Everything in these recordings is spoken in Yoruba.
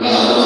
Wow.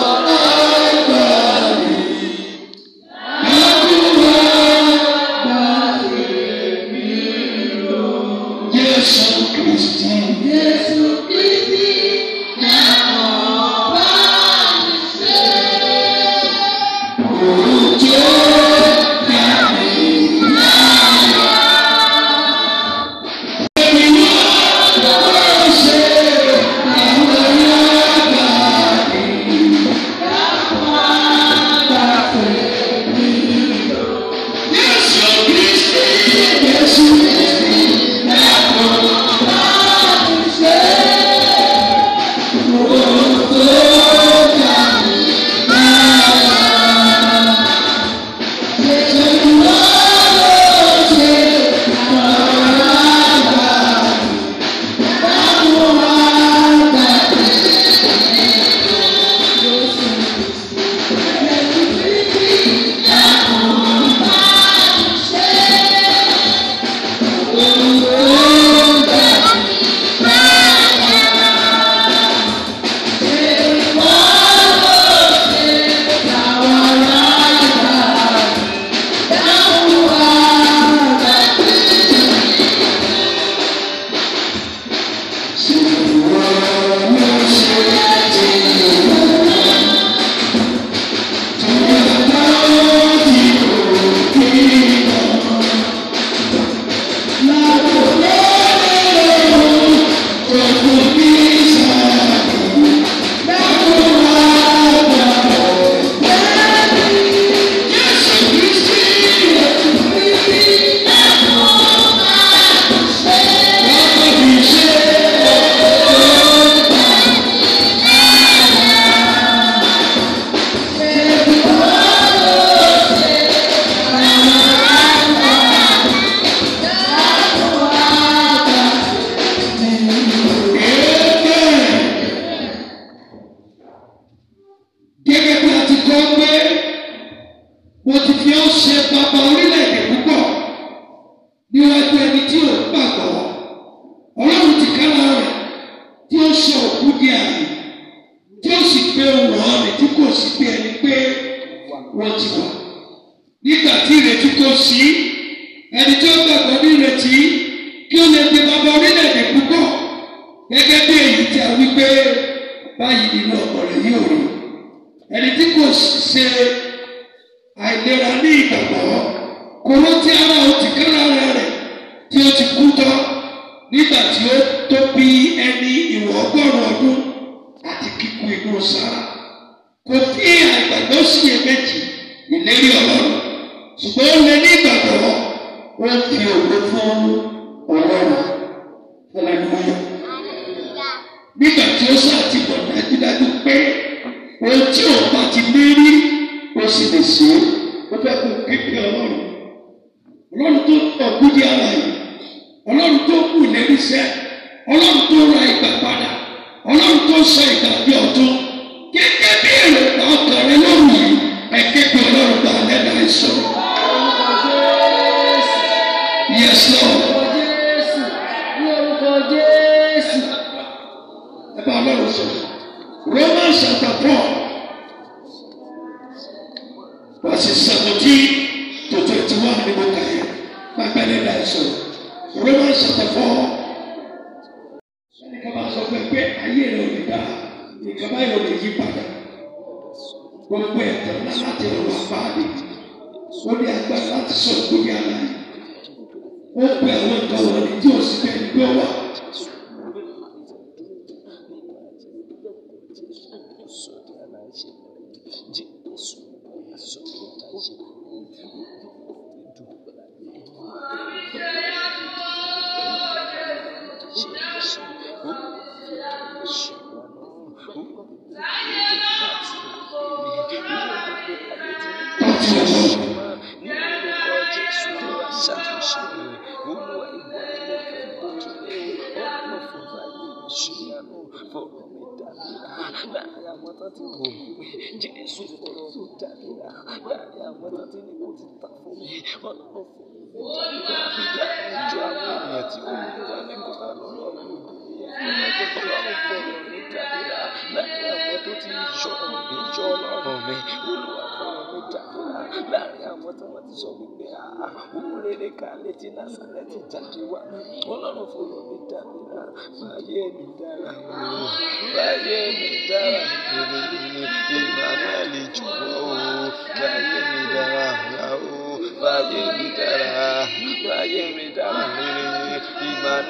fàyè mi dára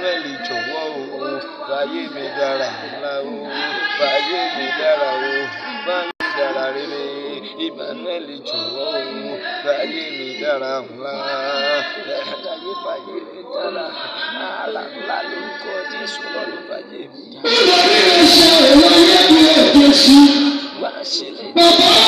rere Emmanuel jọ̀wọ́ o fàyè mi dára ńlá o fàyè mi dára o bá mi dára rere Emmanuel jọ̀wọ́ o fàyè mi dára ńlá dáradára fàyè mi dára àlà ńlá lórúkọ Jésù lọ́rùn fàyè mi dára. bàbá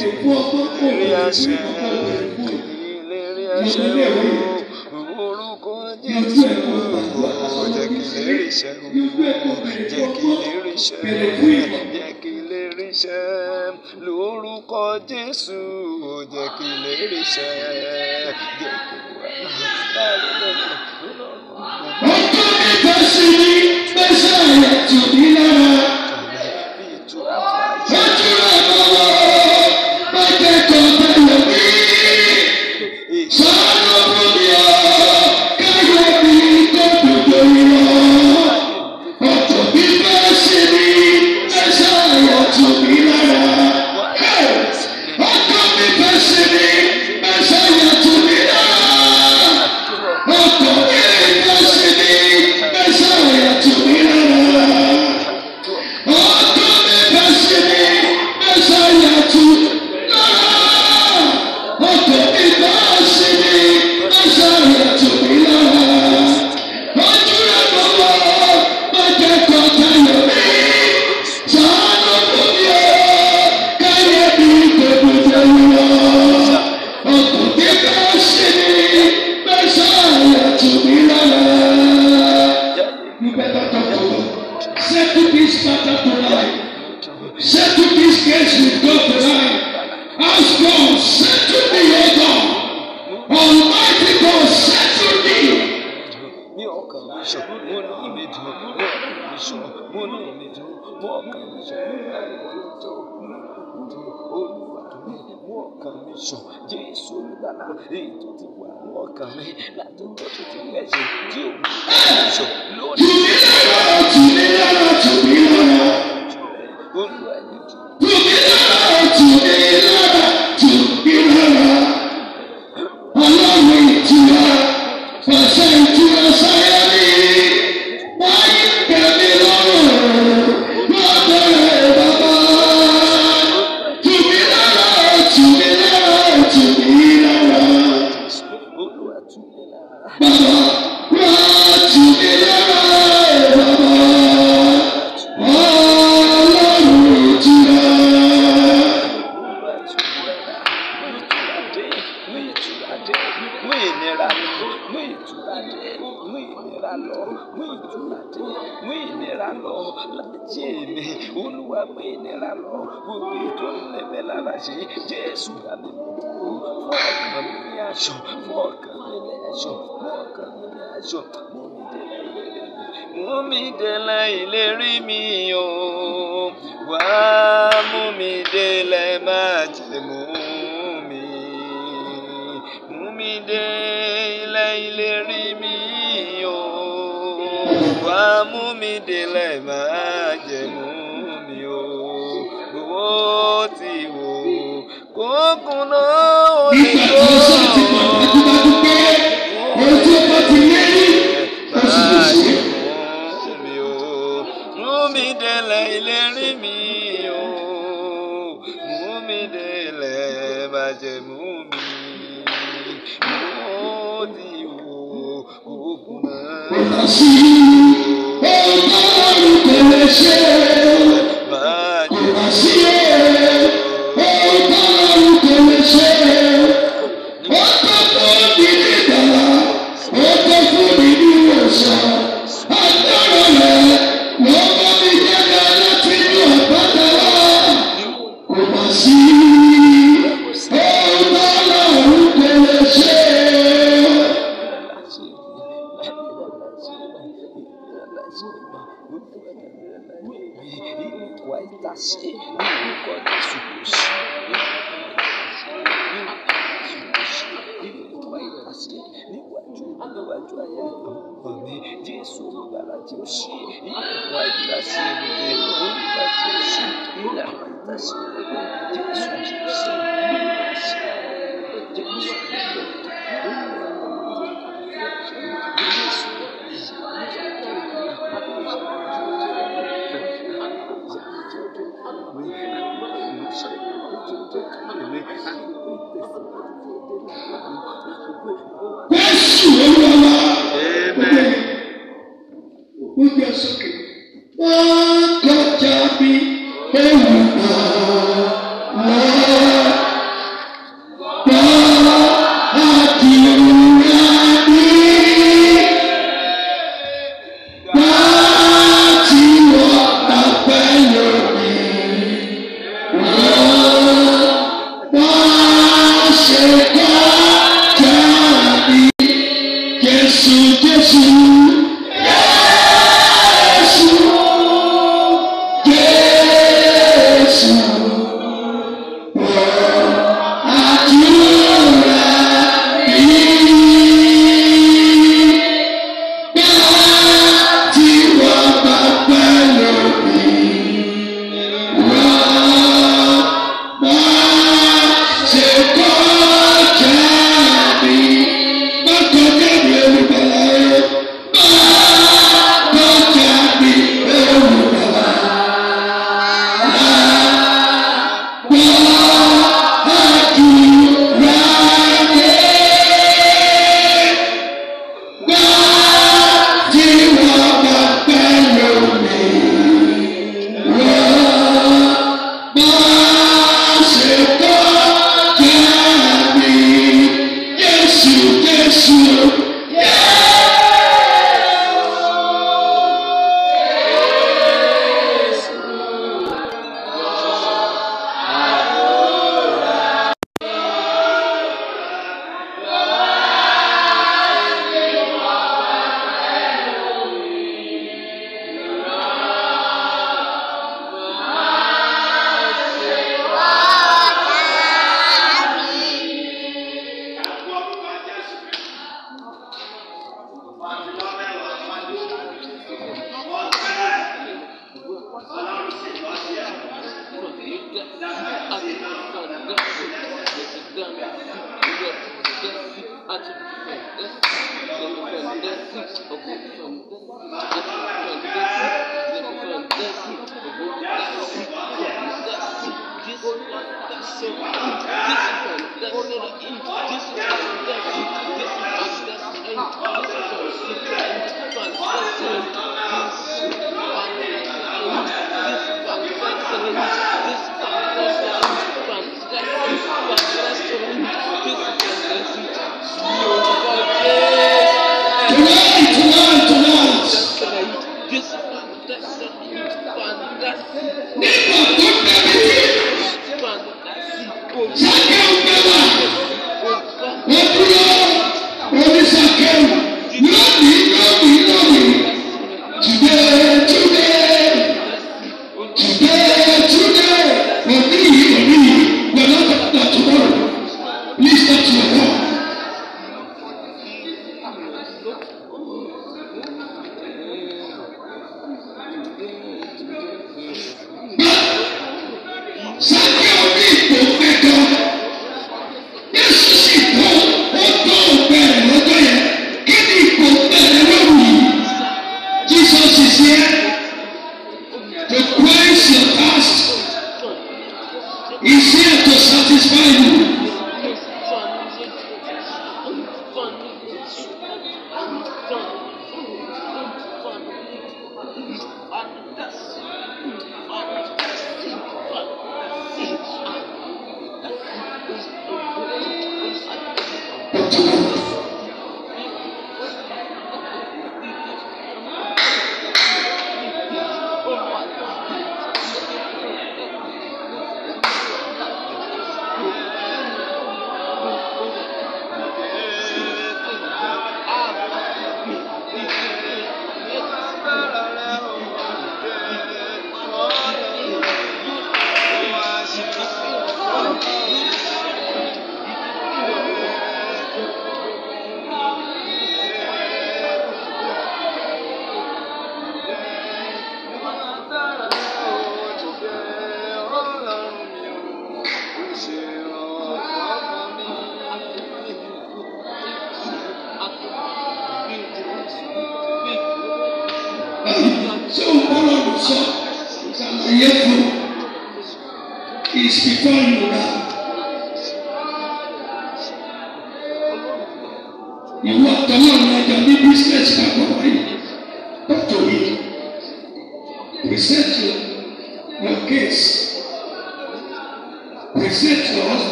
òkú ọgbọ́n kò lè kú ìkọ̀kọ̀ rẹ̀ kú ìyọ̀dún ilé ẹ̀rọ rẹ̀ yanjú lórúkọ Jésù ò jẹ́ kí lè ríṣẹ́. you better talk to God. Settle this matter tonight. Settle this case with God tonight. Ask God, settle me, O God. Almighty God, settle me. ní ọkàn inú ọkàn mi sùn jésù olùdàlà èyí tó ti wà ní ọkàn mi láti ọjọ́ tó ti rẹ̀ ṣe tí ò ní ọkàn sùn lónìí. Olúwa ẹni tó. Ọlọ́run ìtura, pẹ̀sẹ̀ ìtura sáyẹ́. mú mi délẹ̀ máa jẹ̀mú mi o gbowó ti wò kókun náà ó lè tó mú mi délẹ̀ ìlérí mi o mú mi délẹ̀ máa jẹ̀mú mi gbowó ti wò kókun náà ó lè tó. share be Oh, God, Jabby, hey, you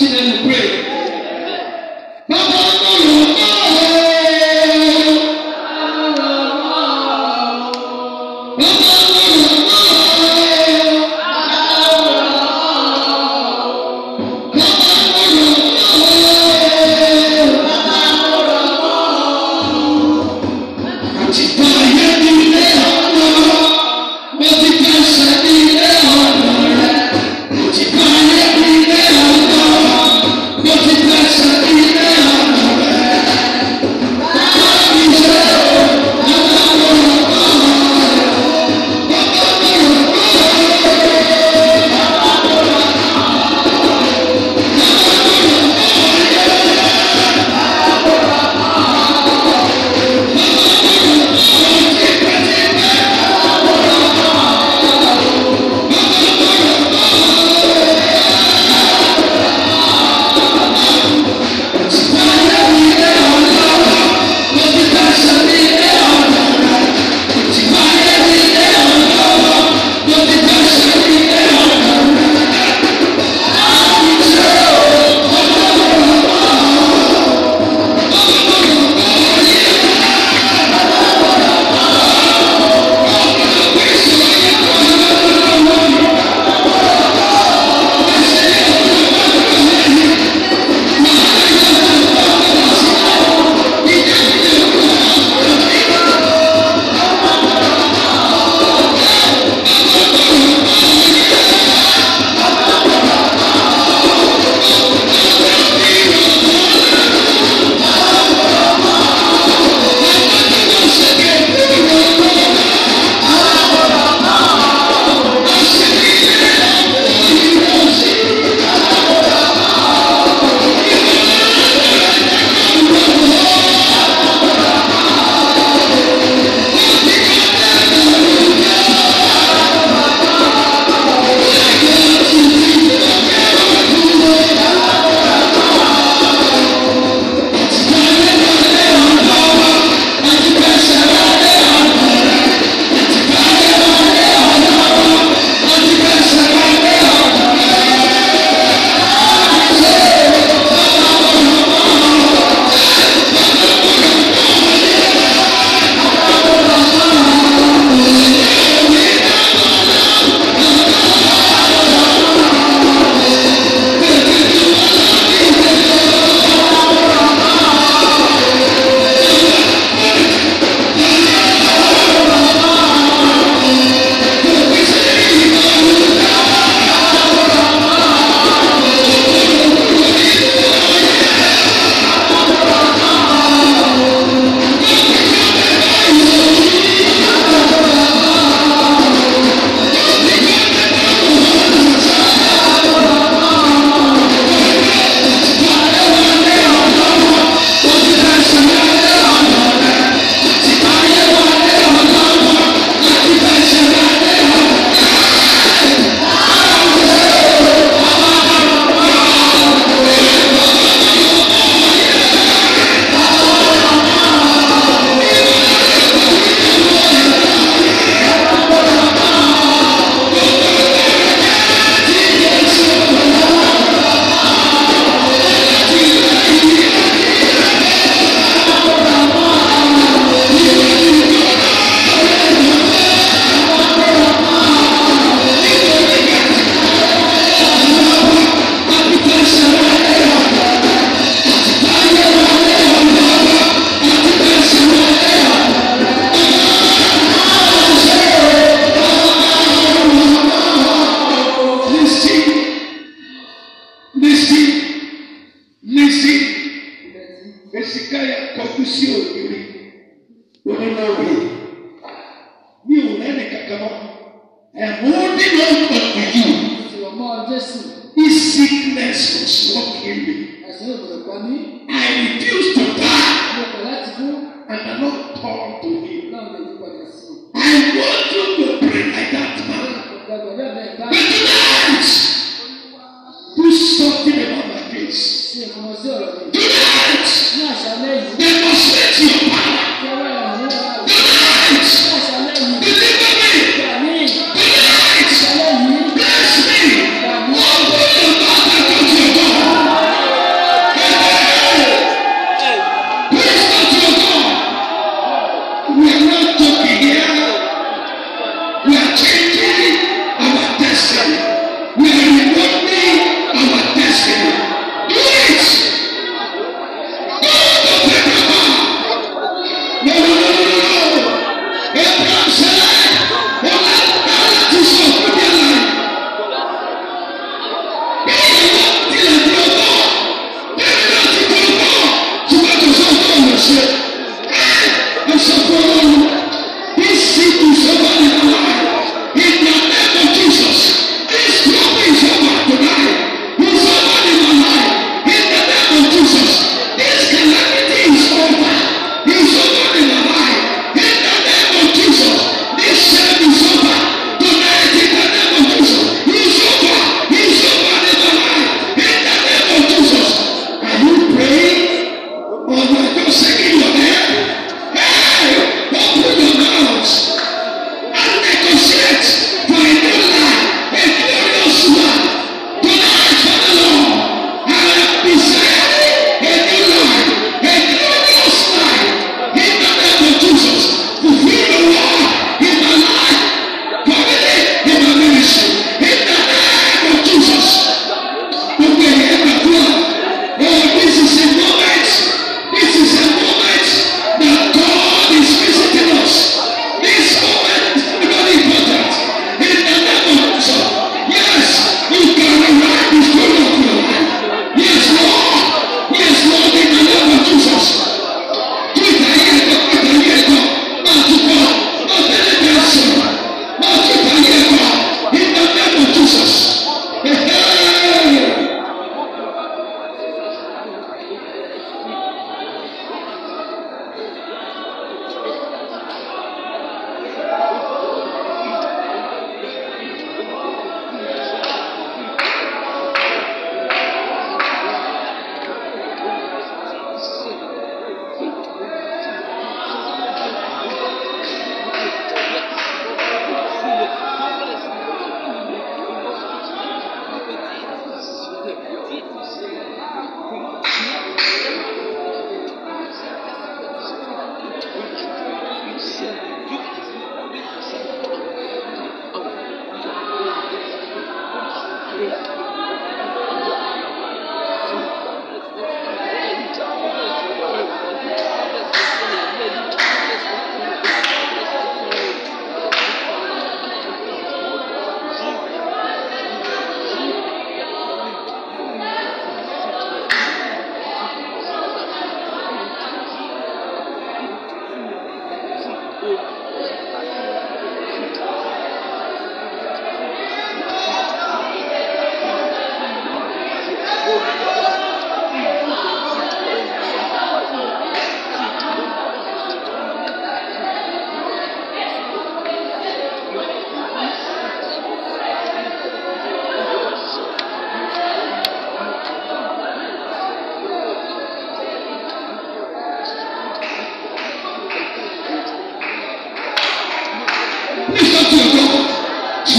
sitting and pray.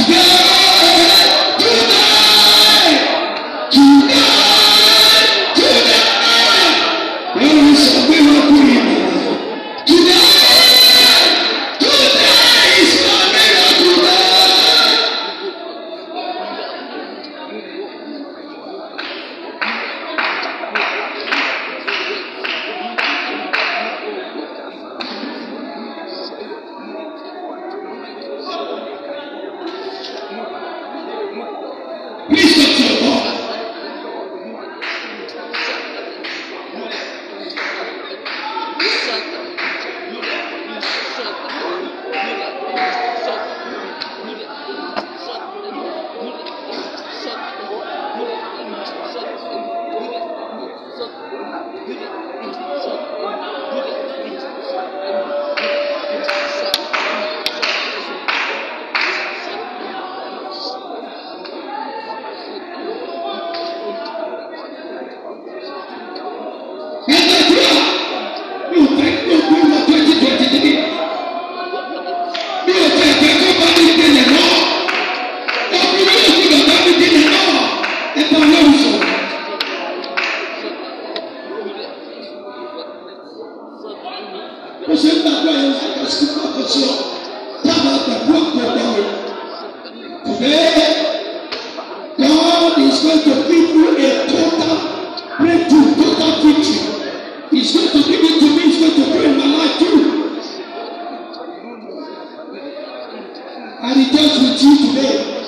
Together. And he just with you today.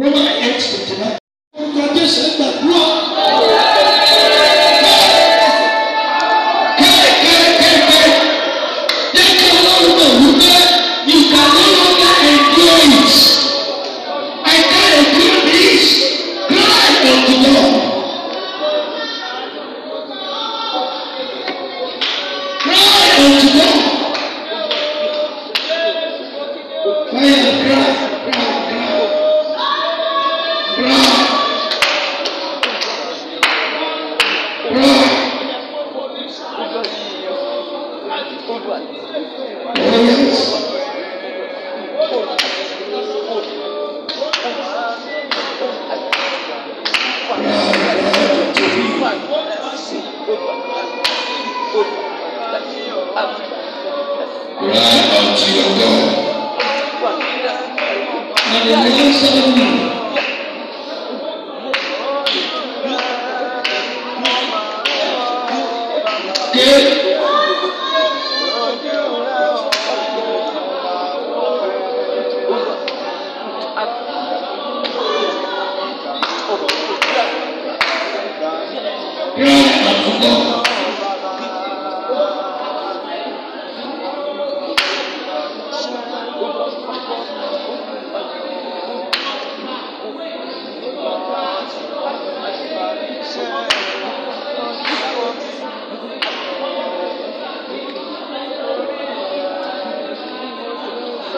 Romans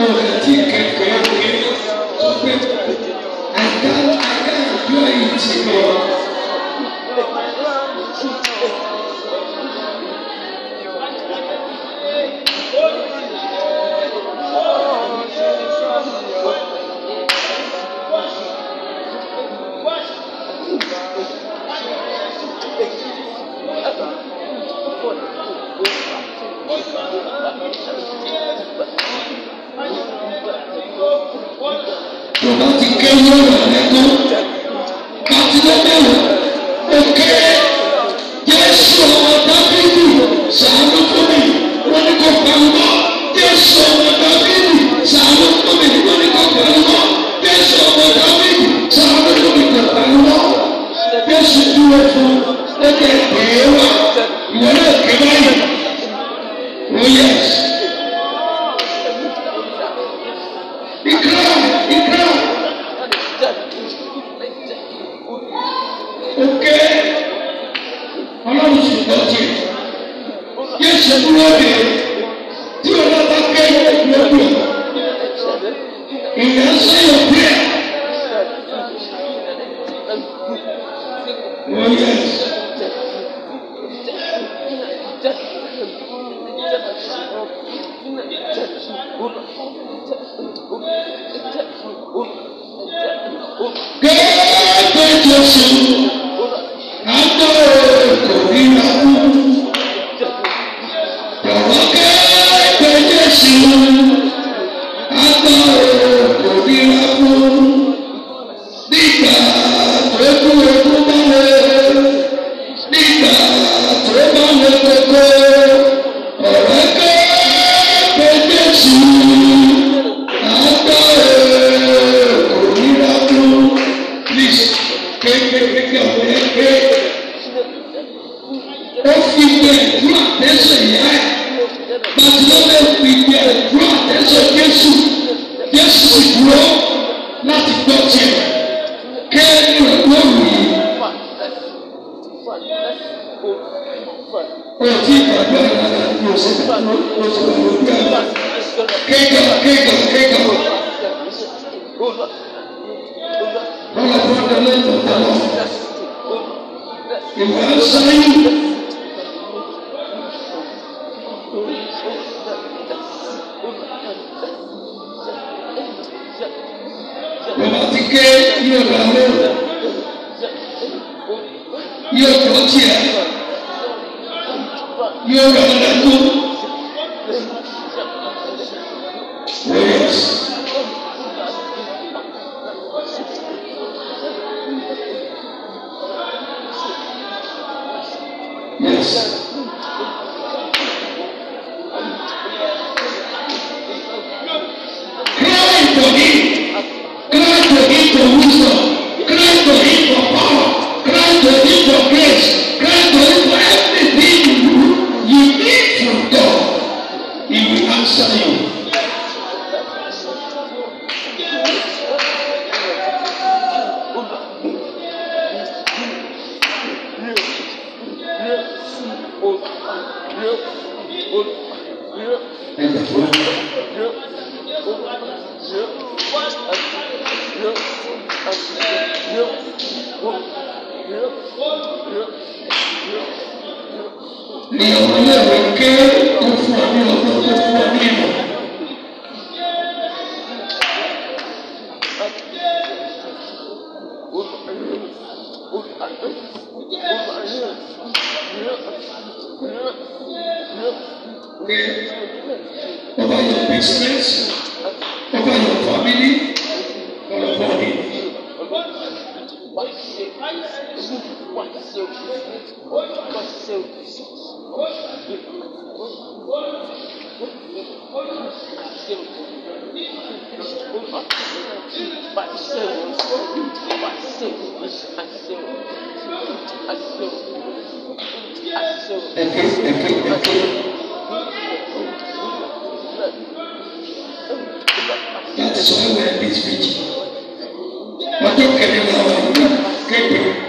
I can't, I can't do it, Lord. grace. It's only when I reach page. But don't get me wrong. Get me.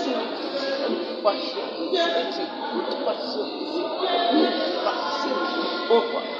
Thank you. paciente, muito paciente, é muito paciente, opa.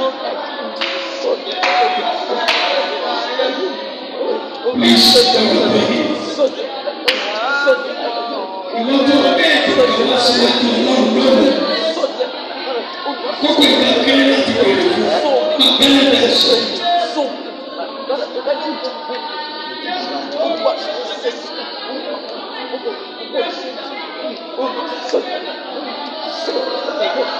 Please stand up again. Ìwọ tó bẹ́ẹ̀ tó kà wá síwájú ọlọ́run lọ́rùn. Kókò ìgbà kéré láti bẹ̀rẹ̀ fún bàbá rẹ̀ sọ. Thank you.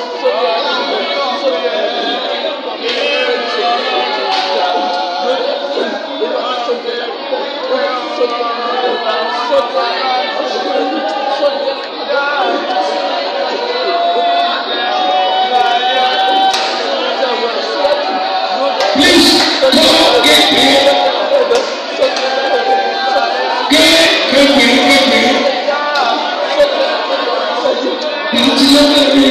Thank you.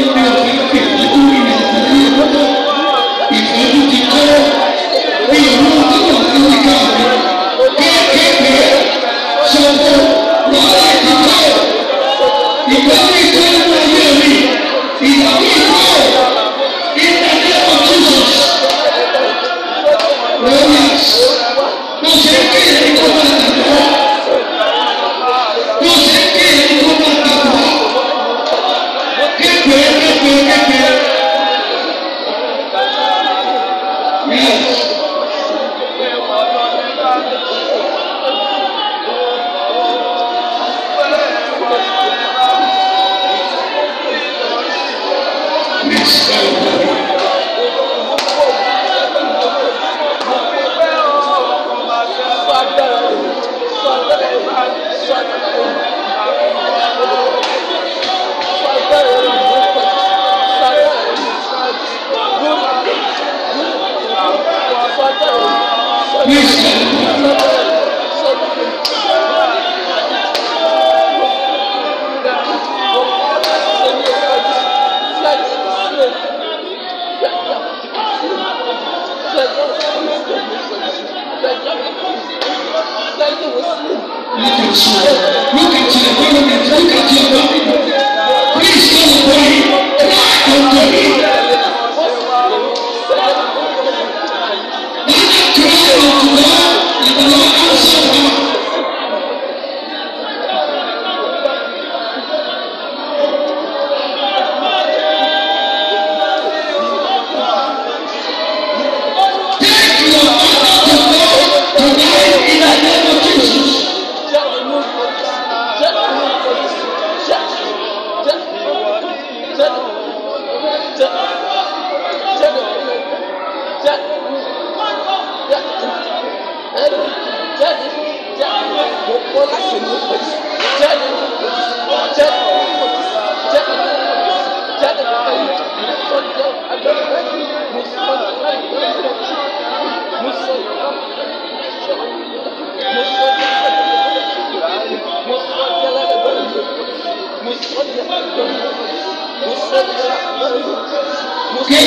yẹ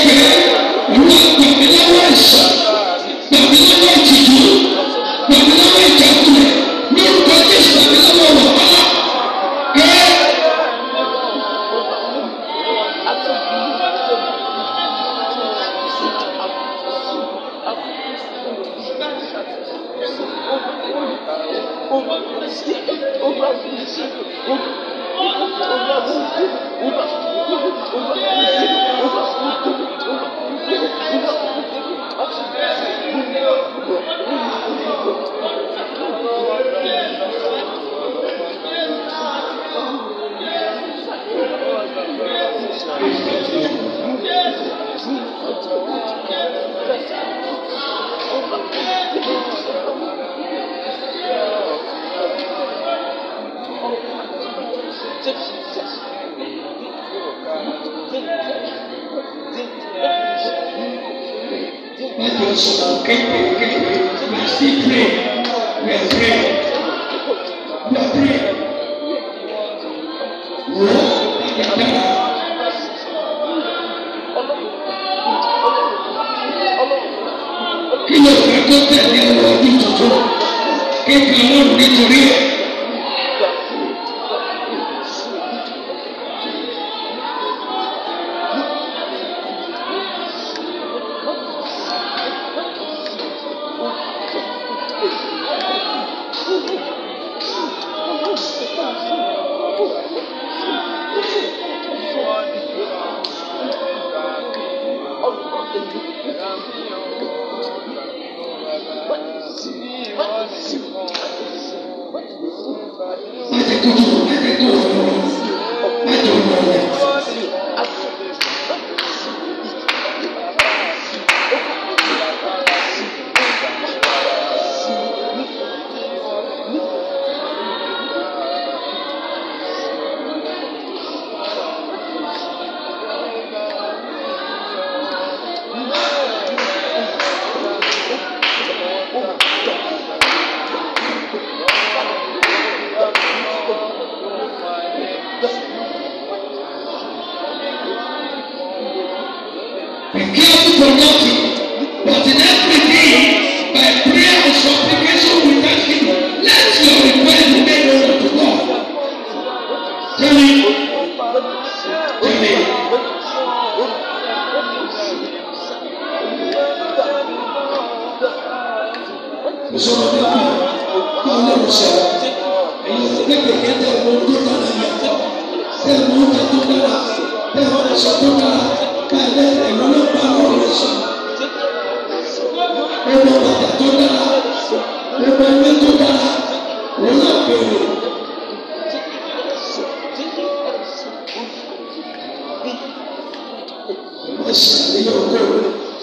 ní ìpínlẹ̀ wọ̀nyí.